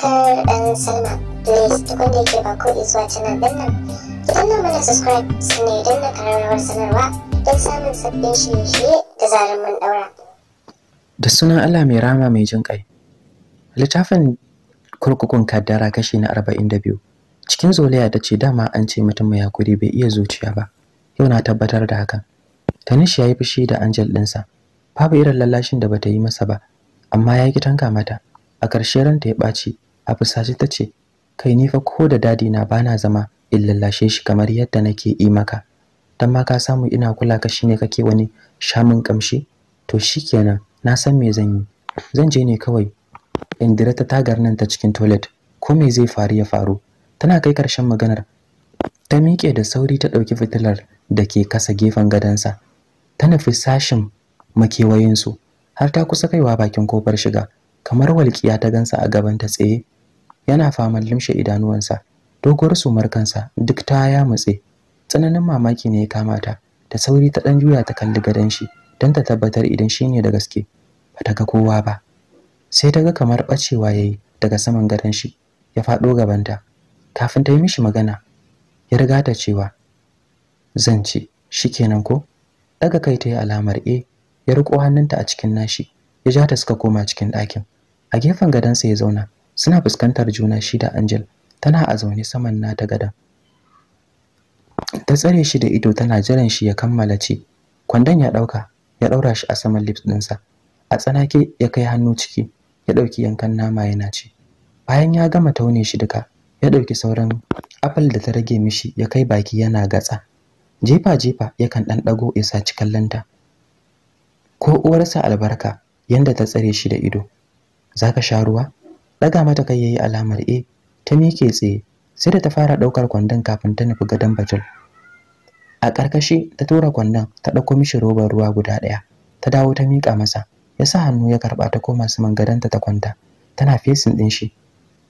subscribe and sign up. Please da ba ko subscribe sanarwa don samun sabbin da zarar sunan Allah mai rama mai jin kai. Littafin kurkukun kaddara kashi na arba'in da biyu. Cikin zolaya ta ce dama an ce mutum mai hakuri bai iya zuciya ba. Yau na tabbatar da hakan. Tanish ya yi fushi da Angel ɗinsa. Babu irin lallashin da bata yi masa ba, amma ya ki tanka mata. A ƙarshe ranta ya ɓaci, a fusace ta ce kai ni fa ko da dadi na bana zama in lallashe shi kamar yadda nake yi maka dan ma ka samu ina kula ka shine kake wani shamin kamshi to shi kenan, na san me zan yi zan je ne kawai indira ta tagar nan ta cikin toilet ko me zai faru ya faru tana kai karshen maganar ta miƙe da sauri ta ɗauki fitilar da ke kasa gefen sa. ta nufi sashin makewayinsu har ta kusa kaiwa bakin kofar shiga kamar walƙiya ta gansa a gaban ta tsaye yana faman limshe idanuwansa doguwar sumar kansa duk ta ya mutse tsananin mamaki ne ya kama ta da sauri ta ɗan juya ta kalli gadon shi don ta tabbatar idan shi ne da gaske ba ta ga kowa ba sai ta ga kamar ɓacewa ya yi daga saman gadon shi ya faɗo gabanta kafin ta yi mishi magana ya riga ta cewa zan ce kenan ko daga kai ta yi alamar e ya riƙo hannunta a cikin nashi ya ja ta suka koma cikin ɗakin a gefen gadonsa ya zauna suna fuskantar juna shi da angel tana a zaune saman nata gadon ta tsare shi da ido tana jiran shi ya kammala ci kwandon ya ɗauka ya ɗaura shi a saman lips ɗinsa a tsanake ya kai hannu ciki ya ɗauki yankan nama yana ci bayan ya gama taune shi duka ya ɗauki sauran apple da ta rage mishi ya kai baki yana gatsa jefa jefa yakan ɗan ɗago ya saci lanta. kallonta ko uwarsa albarka yanda ta tsare shi da ido zaka sha ruwa daga mata kai yayi alamar eh ta mike tsaye sai da ta fara daukar kwandon kafin ta nufi gadon batul a karkashi ta tura kwandon ta dauko mishi robar ruwa guda daya ta dawo ta mika masa ya sa hannu ya karba ta koma man gadonta ta kwanta tana fesin din shi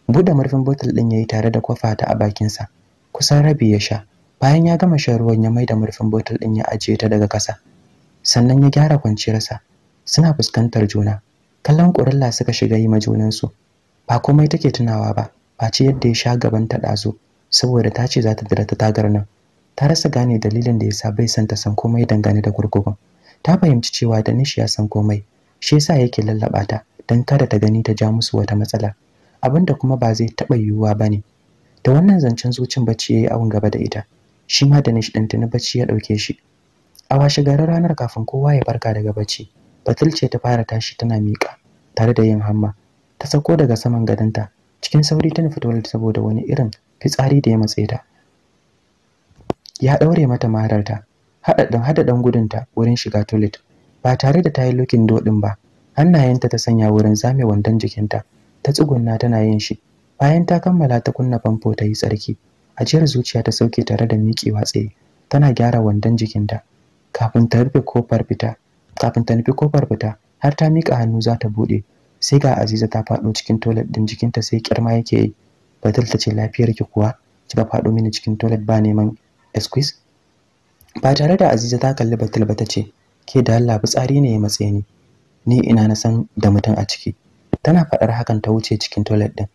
bude murfin bottle din yayi tare da kofa ta a bakinsa. kusan rabi ya sha bayan ya gama shan ruwan ya maida murfin bottle din ya ajiye ta daga kasa sannan ya gyara kwanciyarsa suna fuskantar juna kallon ƙurilla suka shiga yi majunansu ba komai take tunawa ba face yadda ya sha gaban ta ɗazu saboda ta ce za ta dira ta tagar nan ta rasa gane dalilin da yasa bai san ta san komai dangane da kurkukun ta fahimci cewa Danish ya san komai shi yasa yake lallaba ta don kada ta gani ta ja musu wata matsala abin da kuma ba zai taɓa yiwuwa ba ne da wannan zancen zucin bacci ya yi awon gaba da ita shi ma Danish ɗin tuni bacci ya ɗauke shi a washe garin ranar kafin kowa ya farka daga bacci batul ce ta fara tashi tana miƙa tare da yin hamma ta sauko daga saman gadonta cikin sauri tana nufi saboda wani irin fitsari da ya matse ta ya daure mata mararta haɗaɗɗen haɗaɗɗen gudunta wurin shiga toilet ba tare da ta yi lokin doɗin ba hannayenta ta sanya wurin zame wandon jikinta ta tsugunna tana yin shi bayan ta kammala ta kunna famfo ta yi tsarki ajiyar zuciya ta sauke tare da miƙewa tsaye tana gyara wandon jikinta kafin ta rufe kofar fita kafin ta nufi kofar fita har ta mika hannu za ta buɗe sai ga aziza ta faɗo cikin toilet ɗin jikinta sai kirma yake yi batal ta ce lafiyar ki kuwa kika faɗo mini cikin toilet ba neman excuse ba tare da aziza ta kalli batul ba ta ce ke da Allah fitsari ne ya matse ni ni ina na san da mutum a ciki tana faɗar hakan ta wuce cikin toilet ɗin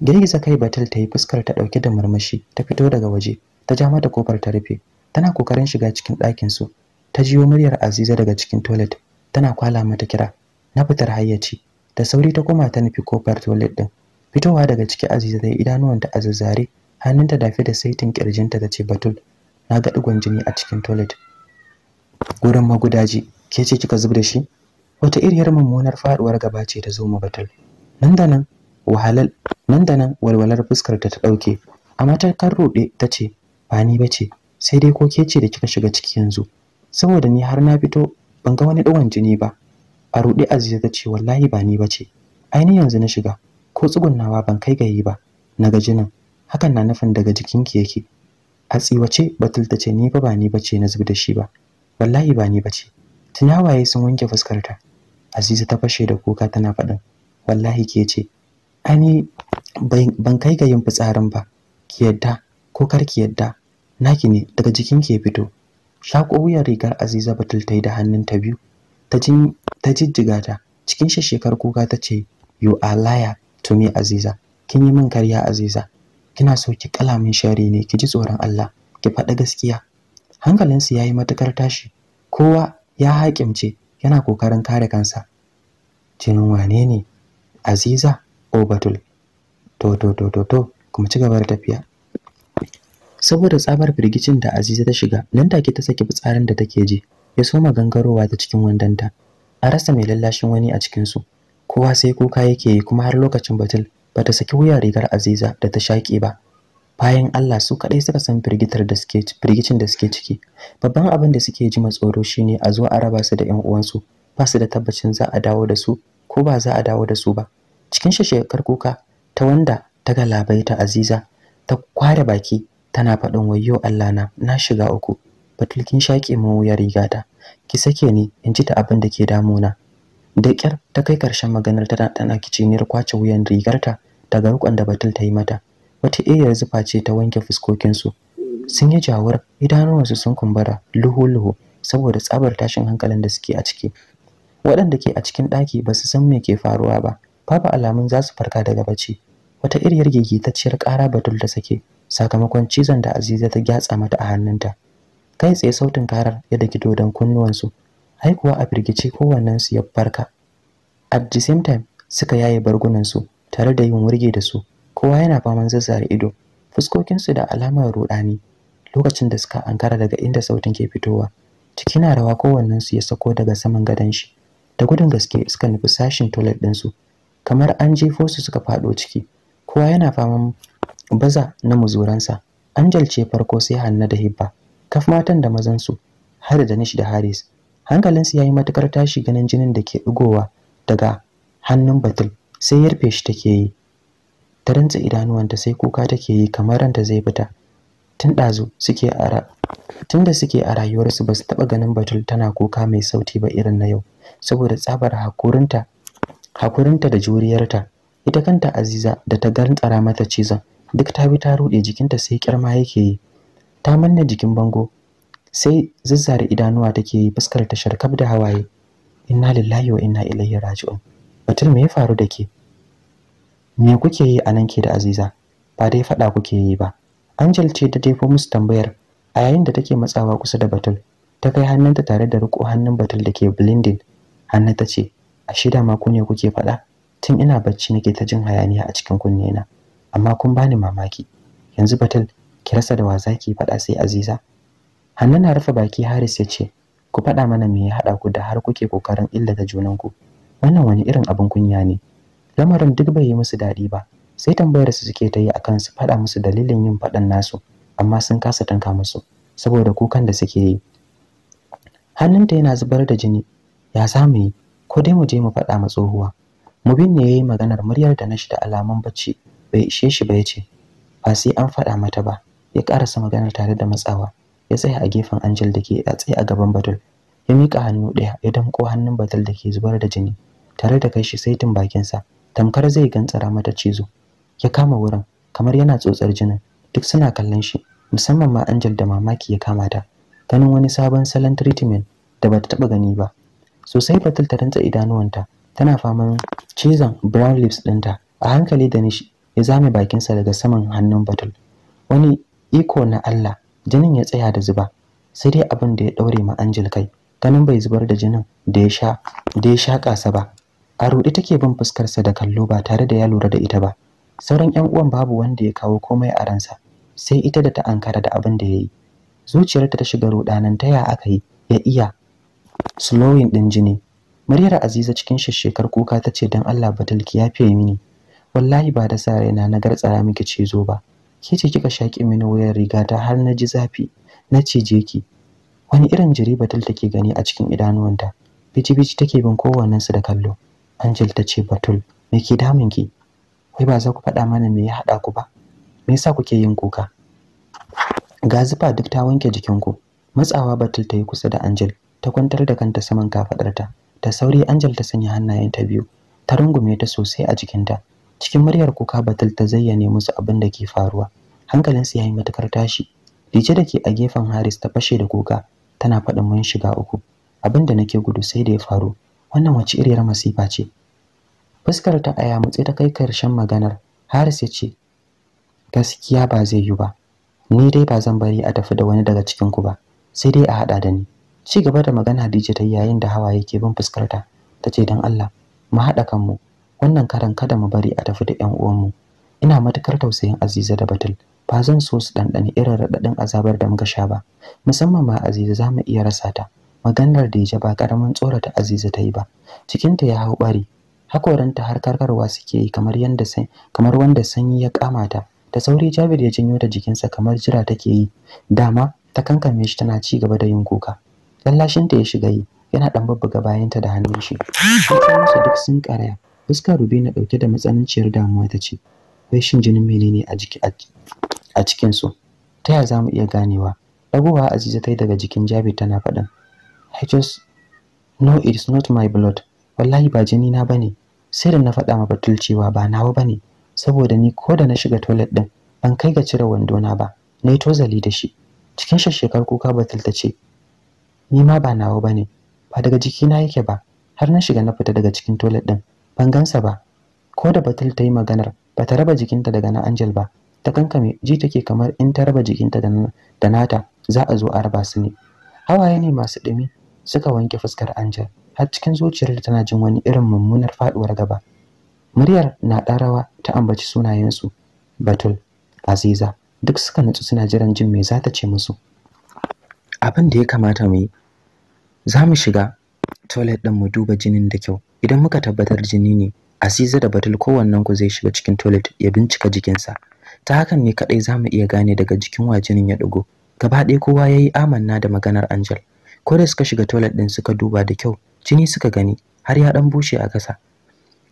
girgiza kai batul ta yi fuskar ta ɗauke da murmushi ta fito daga waje ta ja mata kofar ta rufe tana kokarin shiga cikin ɗakin su ta jiyo muryar Aziza daga cikin toilet tana kwala mata kira na fitar hayyaci da sauri ta koma ta nufi kofar toilet din fitowa daga ciki Aziza da idanuwanta a zazzare hannunta dafe da saitin kirjinta ta ce Batul na ga digon jini a cikin toilet gurin magudaji ke ce kika zub da shi wata iriyar mummunar faduwar gaba ce ta zo mu Batul nan da nan wahalal nan da nan walwalar fuskar ta ta dauke amma ta kan ta ce ba ni bace sai dai ko ke ce da kika shiga ciki yanzu saboda ni har na fito ban ga wani dawan jini ba a ruɗe aziza ta ce wallahi ba ni bace ainihin yanzu na shiga ko tsugunnawa ban kai gayi ba Naga jinin hakan na nufin daga jikinki yake a tsiwace batul ta ce ni fa ba ni bace na zub da shi ba wallahi ba ni bace tunawaye sun wanke fuskar ta aziza ta fashe da kuka tana faɗin wallahi ke ce ani ban kai ga yin fitsarin ba ki yadda ko kar ki yadda naki ne daga jikinki ya fito shaƙo wuyan rigar aziza batul ta yi da hannun ta biyu ta jijjiga ta cikin shekar kuka ta ce you are liar to aziza kin yi min karya aziza kina so ki kala min shari ne ki ji tsoron Allah ki faɗa gaskiya hankalinsu ya yi matuƙar tashi kowa ya haƙimce yana kokarin kare kansa jinin wane ne aziza o oh, batul to to to to to kuma ci gaba da tafiya saboda tsabar firgicin da Aziza ta shiga nan take ta saki fitsarin da take ji ya soma gangarowa ta cikin wandanta a rasa mai lallashin wani a cikin su kowa sai kuka yake yi kuma har lokacin batul bata saki wuya rigar Aziza da ta shake ba bayan Allah su kadai suka san firgitar da suke firgicin da suke ciki babban abin da suke ji matsoro shine a zo a raba su da ƴan uwansu ba su da tabbacin za a dawo da su ko ba za a dawo da su ba cikin shekar kuka ta wanda ta ta Aziza ta kware baki tana faɗin wayyo Allah na na shiga uku Batulkin kin shaƙe ya wuyar rigata ki sake ni in ji ta abin da ke damuna da ƙyar ta kai ƙarshen maganar tana tana kiciniyar kwace wuyan rigarta daga rukon da batul ta yi mata wata iya zufa ce ta wanke fuskokinsu sun yi jawar idanuwansu sun kumbura luhu-luhu saboda tsabar tashin hankalin da suke a ciki waɗanda ke a cikin ɗaki ba su san me ke faruwa ba babu alamun za su farka daga bacci wata iriyar gigitacciyar ƙara batul da sake sakamakon cizon da Aziza ta gyatsa mata a hannunta. Kai tsaye sautin karar ya daki dodon kunnuwansu. Ai kuwa a firgice kowannen su ya farka. At the same time suka yaye bargunan su tare da yin wurge da su. Kowa yana faman zazzare ido. Fuskokinsu da alamar ruɗani. lokacin da suka ankara daga inda sautin ke fitowa. Ciki na rawa kowannen su ya sako daga saman gadon shi. Da gudun gaske suka nufi sashin toilet su, Kamar an jefo su suka faɗo ciki. Kowa yana faman baza na muzuransa Angel ce farko sai Hanna da Hibba kaf matan da mazan su har da Nish da Haris hankalinsu ya yi matukar tashi ganin jinin da ke digowa daga hannun Batul sai yarfe shi take yi ta rantsa idanuwanta sai kuka take yi kamar ranta zai fita tun ɗazu suke ara tunda suke a rayuwarsu ba su taɓa ganin Batul tana kuka mai sauti ba irin na yau saboda tsabar hakurinta hakurinta da juriyarta ita kanta Aziza da ta gantsara mata cizon duk ta bi ta rude, jikinta sai kirma yake yi ta manna jikin bango sai zazzare idanuwa take yi fuskar ta sharkab da hawaye inna lillahi wa inna ilaihi raji'un batul me ya faru da ke me kuke yi a nan ke da aziza ba dai faɗa kuke yi ba angel ce ta tafi musu tambayar a yayin da take matsawa kusa da batul ta kai hannunta tare da riko hannun batul da ke blinding hannunta ce a shida ma ku kuke faɗa tun ina bacci nake ta jin hayaniya a cikin kunnena amma kun bani mamaki yanzu batul ki rasa da wa zaki faɗa sai aziza hannu na rufe baki haris ya ce ku faɗa mana me ya haɗa ku da har kuke kokarin da junan ku wannan wani irin abin kunya ne lamarin duk bai yi musu dadi ba sai tambayar su suke ta yi akan su faɗa musu dalilin yin faɗan nasu amma sun kasa tanka musu saboda kukan da suke yi hannunta yana zubar da jini ya samu yi ko dai mu je mu faɗa ma tsohuwa bin ne ya yi maganar muryar da na shi da alaman bacci bai ishe shi ba ya ce ba sai an faɗa mata ba ya ƙarasa maganar tare da matsawa ya tsaya a gefen Angel da ke a tsaye a gaban Batul ya mika hannu ɗaya ya damƙo hannun Batul da ke zubar da jini tare da kai shi saitin bakinsa tamkar zai gantsara mata cizo ya kama wurin kamar yana tsotsar jinin duk suna kallon shi musamman ma Angel da mamaki ya kama ta ganin wani sabon salon treatment da bata taɓa gani ba sosai Batul ta rantsa idanuwanta tana faman cizon brown lips ɗinta a hankali da nishi. ya zame bakinsa daga saman hannun batul wani iko na Allah jinin ya tsaya da zuba sai dai abin da ya daure ma anjil kai ganin bai zubar da jinin da ya sha da ya sha sa ba a rudi take bin fuskar sa da kallo ba tare da ya lura da ita ba sauran ƴan uwan babu wanda ya kawo komai a ransa sai ita da ta ankara da abin da yayi zuciyarta ta shiga rudanan taya aka yi ya iya slowing din jini Maryar Aziza cikin shishshekar kuka ta ce don Allah batul ya mini wallahi ba da sa raina na gartsaya miki cizo ba ke ce kika shaki mini wayar rigata har na ji zafi na cije ki wani irin jiri batul take gani a cikin idanuwanta bici bici take bin kowannen su da kallo Angel ta ce batul me ke damun ki wai ba za ku faɗa mana me ya haɗa ku ba me yasa kuke yin kuka ga zufa duk ta wanke jikinku matsawa batul ta yi kusa da Angel ta kwantar da kanta saman kafadarta ta sauri Angel ta sanya hannayenta biyu ta rungume ta sosai a jikinta cikin muryar kuka batul ta zayyane musu abin da ke faruwa hankalinsu ya yi matukar tashi Dice da ke a gefen Haris ta fashe da kuka tana faɗin mun shiga uku abin da nake gudu sai da ya faru wannan wace iriyar masifa ce fuskar ta aya mutse ta kai karshen maganar Haris ya ce gaskiya ba zai yi ba ni dai ba zan bari a tafi da wani daga cikin ku ba sai dai a haɗa da ni ci gaba da magana Hadiza ta yayin da hawa ke bin fuskarta, ta tace dan Allah mu hada kanmu wannan karan kada mu bari a tafi da ƴan uwanmu ina matukar tausayin Aziza da Batul ba zan so su dandani irin radadin azabar da muka sha ba musamman ma Aziza za mu iya rasa ta maganar da ya ba karamin tsorata Aziza ta yi ba cikinta ya hau bari hakoranta har karkarwa suke yi kamar yanda sai kamar wanda sanyi ya kamata da sauri Jabir ya janyo ta jikinsa kamar jira take yi dama ta kankame shi tana ci gaba da yin kuka ta ya shiga yi yana dan babbuga bayanta da hannun shi sun duk sun karaya fuskar na ɗauke da matsananciyar damuwa ta ce wai shin jinin menene a jiki a cikin su ta yaya zamu iya ganewa dagowa aziza ta yi daga jikin jabi tana faɗin i just no is not my blood wallahi ba jini na bane sai da na faɗa ma batul cewa ba nawa bane saboda ni ko da na shiga toilet ɗin ban kai ga cire wando na ba na yi tozali da shi cikin shekar kuka batul ta ce ni ma ba nawa bane ba daga jikina yake ba har na shiga na fita daga cikin toilet ɗin ban gansa ba ko da batul ta yi maganar ba ta raba jikinta daga na angel ba ta kankame ji take kamar in ta raba jikinta da nata za a zo a raba su ne hawaye ne masu ɗumi suka wanke fuskar angel har cikin zuciyar tana jin wani irin mummunar faɗuwar gaba muryar na ɗarawa ta ambaci sunayensu batul aziza duk suka nutsu suna jiran jin me za ta ce musu abin da ya kamata mu yi za mu shiga toilet ɗin mu duba jinin da kyau idan muka tabbatar jini ne Aziza da Batul kowannen ku zai shiga cikin toilet ya bincika jikinsa ta hakan ne kadai zamu iya gane daga jikin wa jinin ya dugo gaba ɗaya kowa ya yi amanna da maganar Angel ko da suka shiga toilet din suka duba da kyau jini suka gani har ya dan bushe a kasa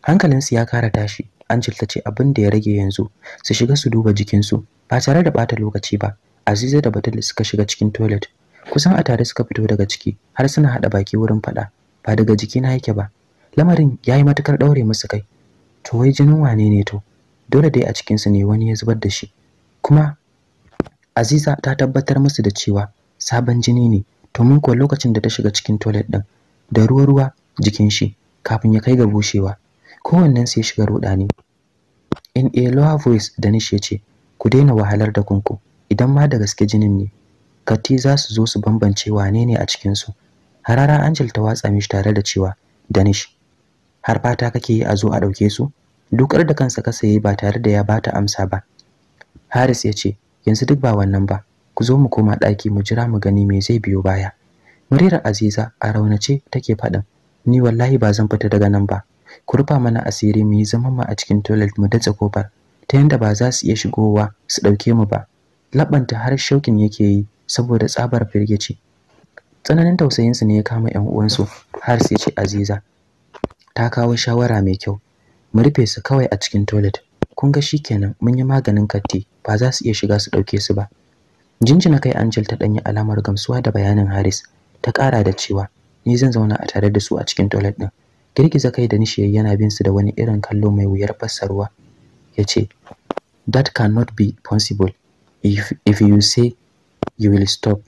hankalinsu ya kara tashi Angel ta ce abin da ya rage yanzu su shiga su duba jikinsu ba tare da bata lokaci ba Aziza da Batul suka shiga cikin toilet kusan a tare suka fito daga ciki har suna hada baki wurin fada ba daga jiki na yake ba lamarin ya yi matukar ɗaure musu kai to wai jinin wane ne to dole dai a cikinsu ne wani ya zubar da shi kuma aziza ta tabbatar musu da cewa sabon jini ne to mun kuwa lokacin da ta shiga cikin toilet ɗin da ruwa-ruwa jikin shi kafin ya kai ga bushewa kowannen sai shiga ne in a lower voice da nishi ce ku daina wahalar da kunku idan ma da gaske jinin ne kati za su zo su bambance wane ne a cikinsu harara angel ta watsa mishi tare da cewa danish har fata kake yi a zo a ɗauke su dukar da kansa ka sayi ba tare da ya bata amsa ba Haris ya ce yanzu duk ba wannan ba ku zo mu koma ɗaki mu jira mu gani me zai biyo baya Murira Aziza a raunace take faɗin ni wallahi ba zan fita daga nan ba ku rufa mana asiri mu yi zaman mu a cikin toilet mu datse kofar ta yanda ba za su iya shigowa su ɗauke mu ba labanta har shaukin yake yi saboda tsabar firgici tsananin tausayinsu ne ya kama 'yan uwansu har sai ce Aziza ta kawo shawara mai kyau mu rufe su kawai a cikin toilet kun ga shikenan mun yi maganin katti ba za su iya shiga su dauke su ba jinjina kai Angel ta danyi alamar gamsuwa da bayanin Haris ta kara da cewa ni zan zauna a tare da su a cikin toilet din girgiza kai da nishiyayi yana bin su da wani irin kallo mai wuyar fassarwa ya ce that cannot be possible if, if you say you will stop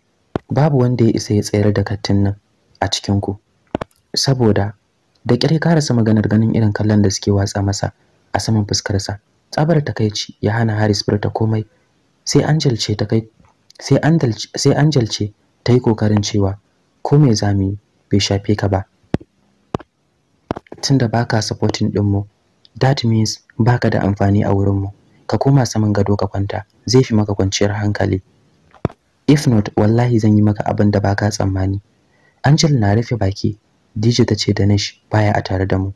babu wanda ya isa ya tsayar da kattin nan a cikin ku saboda da kire ka rasa maganar ganin irin kallon da suke watsa masa a saman fuskarsa tsabar takaici ya hana Haris furta komai sai Angel ce ta kai sai Angel sai Angel ce ta yi kokarin cewa ko me zamu yi bai shafe ka ba tunda baka supporting din mu that means baka da amfani a wurin mu ka koma saman gado ka kwanta zai fi maka kwanciyar hankali if not wallahi zan yi maka abin da baka tsammani Angel na rufe baki Dije ta ce da Danish baya a tare da mu.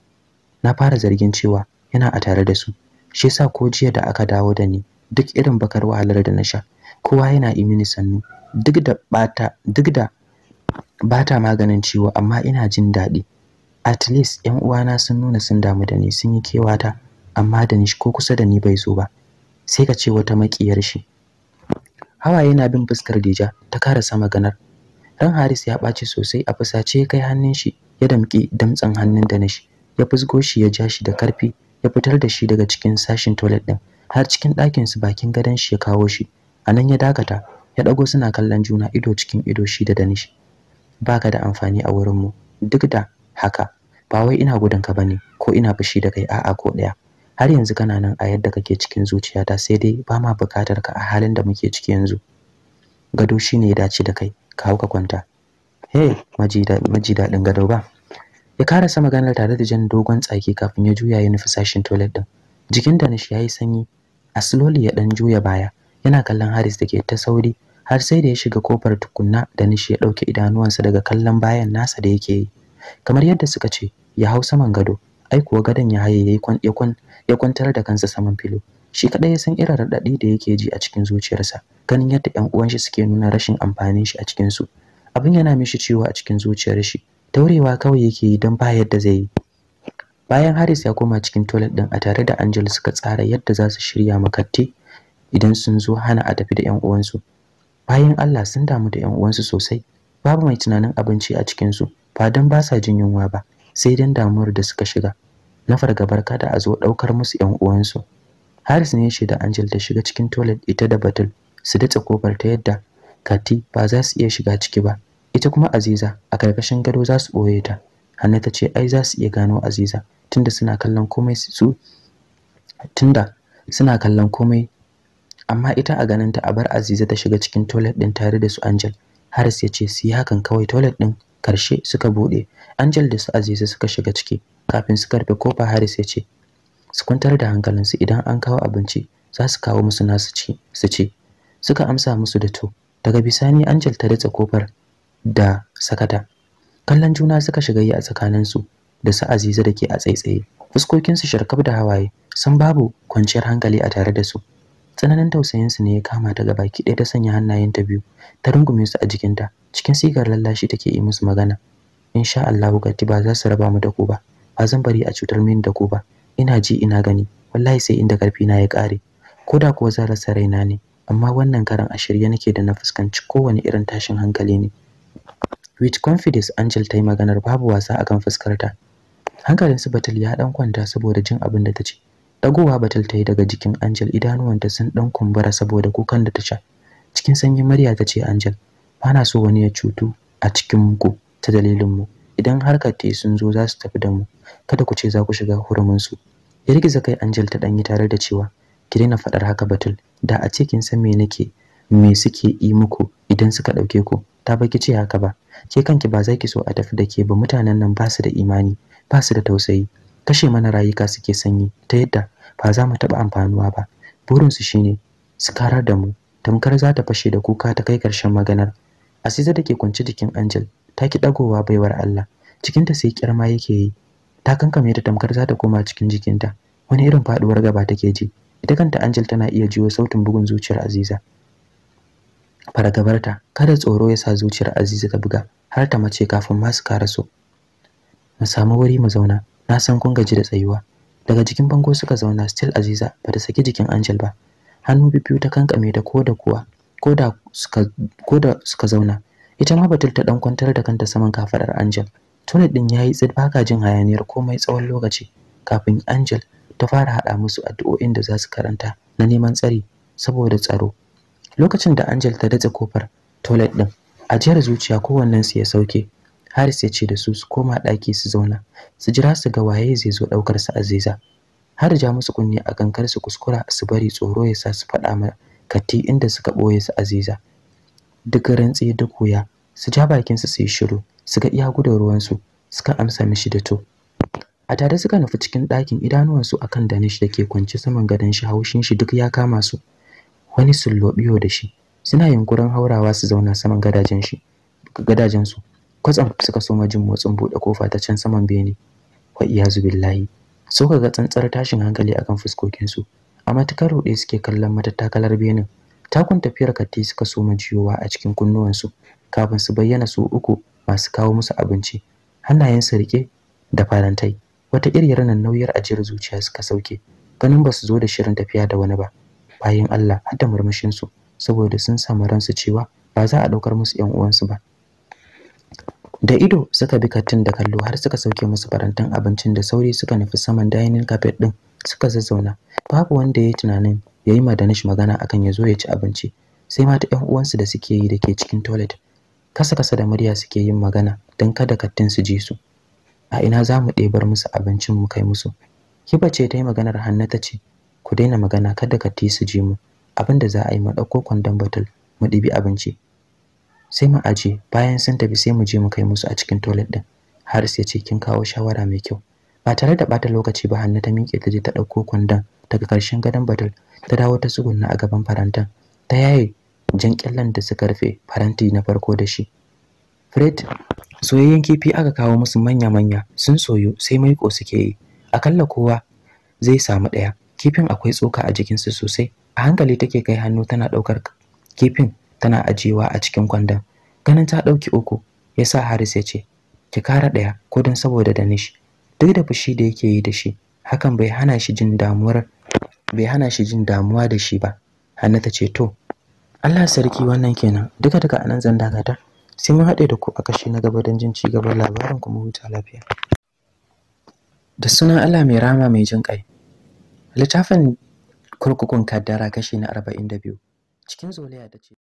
Na fara zargin cewa yana a tare da su. Shi yasa ko jiya da aka dawo da ni duk irin bakar wahalar da na sha kowa yana yi mini sannu duk da bata duk da bata maganin ciwo amma ina jin daɗi. At least ƴan uwana sun nuna sun damu da ni sun yi kewata amma Danish ko kusa da ni bai zo ba. Sai ka ce wata makiyar shi. Hawaye na bin fuskar Dija ta sama ganar. Dan haris ya ɓaci sosai a fusace ya kai hannun shi ya damƙi damtsan hannun da na ya fusgo shi ya ja shi da karfi ya fitar da shi daga cikin sashin toilet din har cikin ɗakin su bakin gadon shi ya kawo shi a nan ya dakata ya ɗago suna kallon juna ido cikin ido shi da Ba baka da amfani a wurin mu duk da haka ba wai ina gudun ka bane ko ina fushi da kai a'a ko ɗaya har yanzu kana nan a yadda kake cikin zuciyata sai dai ba ma bukatar ka a halin da muke ciki yanzu gado shine ya dace da kai ka hau ka kwanta he maji daɗin gado ba ya karasa maganar tare da jan dogon tsaki kafin ya juya ya nufi sashin toilet ɗin. jikin da ya yi sanyi a slowly ya ɗan juya baya yana kallon haris da ke ta sauri har sai da ya shiga kofar tukunna da nishi ya ɗauke idanuwansa daga kallon bayan nasa da yake yi kamar yadda suka ce ya hau saman gado ai kuwa gadon ya haye ya kwantar da kansa saman filo shi kaɗai ya san irin raɗaɗi da yake ji a cikin zuciyarsa ganin yadda ƴan uwan shi suke nuna rashin amfanin shi a cikin su abin yana mishi ciwo a cikin zuciyar shi taurewa kawai yake yi don ba yadda zai yi bayan Haris ya koma cikin toilet din a tare da Angel suka tsara yadda za su shirya makatti idan sun zo hana a tafi da ƴan uwansu bayan Allah sun damu da ƴan uwansu sosai babu mai tunanin abinci a cikin su ba don ba sa jin yunwa ba sai don damuwar da suka shiga na fargabar kada a zo ɗaukar musu ƴan uwansu Haris ne ya shaida Angel ta shiga cikin toilet ita da Batul su datse kofar ta yadda Kati ba za su iya shiga ciki ba. Ita kuma Aziza a karkashin gado za su boye ta. Hanna ta ce ai za su iya gano Aziza tunda suna kallon komai su tunda suna kallon komai amma ita a ganin ta a bar Aziza ta shiga cikin toilet din tare da su Angel. Haris ya ce su yi hakan kawai toilet din karshe suka buɗe, Angel da su Aziza suka shiga ciki kafin su karfe kofa Haris ya ce su kwantar da hankalinsu idan an kawo abinci za su kawo musu nasu ci su ci suka amsa musu da to daga bisani Anjel ta datse kofar da sakata kallon juna suka shiga yi a tsakaninsu da su Aziza da ke a tsaitsaye fuskokinsu sharkaf da hawaye sun babu kwanciyar hankali a tare da su tsananin tausayinsu ne ya kama daga baki ɗaya ta sanya hannayenta biyu ta rungume su a jikinta cikin sigar lallashi take yi musu magana insha Allah gati ba za su raba mu da ku ba ba zan bari a cutar mini da ku ba ina ji ina gani wallahi sai inda karfi na ya ƙare ko da kuwa zan rasa raina ne amma wannan karan a shirye nake da na fuskanci kowane irin tashin hankali ne with confidence Angel ta yi maganar babu wasa a kan fuskarta hankalin su Batul ya dan kwanta saboda jin abin da ta ce dagowa Batul ta yi daga jikin Angel idanuwanta sun dan kumbura saboda kukan da ta sha cikin sanyin murya ta ce Angel bana so wani ya cutu a cikin muku ta dalilin mu idan har katte sun zo za su tafi da mu kada ku ce za ku shiga hurumin su ya rigiza kai Angel ta danyi tare da cewa ki daina faɗar haka batul da a ce kin san me nake me suke yi muku idan suka ɗauke ku ta baki ce haka ba ke kanki ba za ki so a tafi da ke ba mutanen nan ba su da imani ba su da tausayi kashe mana rayuka suke sanyi ta yadda ba za mu taɓa amfanuwa ba burinsu shine su karar da mu tamkar za ta fashe da kuka ta kai ƙarshen maganar asiza da ke kwance jikin Angel ta ki dagowa baiwar Allah cikinta sai kirma yake yi ta kankame da tamkar za ta koma cikin jikinta wani irin faduwar gaba take ji ita kanta Angel tana iya jiwo sautin bugun zuciyar Aziza fargabarta kada tsoro ya sa zuciyar Aziza ta buga har ta mace kafin ma su karaso mu samu wuri mu zauna na san kun gaji da tsayuwa daga jikin bango suka zauna still Aziza ba ta saki jikin Angel ba hannu bibiyu ta kankame da koda kuwa koda suka koda suka zauna ita ma batul ta dan kwantar da kanta saman kafadar Angel tunan din yayi tsid baka jin hayaniyar komai tsawon lokaci kafin Angel ta fara hada musu addu'o'in da za su karanta na neman tsari saboda tsaro lokacin da Angel ta datse kofar toilet din ajiyar zuciya kowannen su ya sauke Haris ya ce da su su koma daki su zauna su jira su ga waye zai zo daukar su Aziza har ja musu kunni a gangar su kuskura su bari tsoro ya sa su faɗa ma katti inda suka boye su Aziza duk rantsi duk wuya su ja bakinsu su yi shiru su ga iya gudun ruwansu suka amsa mishi da to a tare suka nufi cikin ɗakin su akan danish da ke kwance saman gadon shi haushin shi duk ya kama su wani sullobiyo da shi suna yunkurin haurawa su zauna saman gadajen shi gadajen su kwatsam suka soma jin motsin buɗe kofa ta can saman bene wa iyazu billahi suka ga tsantsar tashin hankali akan fuskokinsu a matukar ruɗe suke kallon matattakalar benin takun tafiyar katti suka soma jiyowa a cikin kunnuwansu kafin su bayyana su uku masu kawo musu abinci hannayen su rike da farantai wata iriyar nan nauyar ajiyar zuciya suka sauke ganin ba su zo da shirin tafiya da wani ba bayan Allah har da murmushinsu saboda sun samu ransu cewa ba za a ɗaukar musu ‘yan uwansu ba. Da ido suka bi kattin da kallo har suka sauke musu farantan abincin da sauri suka nufi saman dining carpet ɗin suka zazzauna. Babu wanda ya yi tunanin ya yi ma Danish magana akan ya zo ya ci abinci sai ma ta ƴan uwansu da suke yi da ke cikin toilet kasa kasa da murya suke yin magana don kada kattin su ji su a ina za mu ɗebar musu abincin mu kai musu kiba ce ta yi maganar hanna ta ce ku daina magana kada katti su ji mu abin da za a yi mu ɗauko kwandon batul mu ɗibi abinci sai mu aje bayan sun tafi sai mu je mu kai musu a cikin toilet din Haris ya ce kin kawo shawara mai kyau ba tare da bata lokaci ba Hanna ta miƙe ta je ta ɗauko kwandon daga ƙarshen gadon batul ta dawo ta tsugunna a gaban farantin ta yaye jan kyallan da suka rufe faranti na farko da shi fred soyayyen kifi aka kawo musu manya-manya sun soyu sai maiko suke yi akalla kowa zai samu ɗaya kifin akwai tsoka a jikin su sosai a hankali take kai hannu tana ɗaukar kifin tana ajiyewa a cikin kwandon ganin ta ɗauki uku yasa haris ya ce ki kara ɗaya ko don saboda danish duk da fushi da yake yi da shi hakan bai hana shi jin damuwar bai hana shi jin damuwa da shi ba hanna ta ce to Allah sarki wannan kenan duka duka anan zan dakata sai mun haɗe da ku a kashi na gaba don jin ci gaban labarin kuma huta lafiya da sunan Allah mai rama mai jin kai littafin kurkukun kaddara kashi na 42 cikin zolaya da ce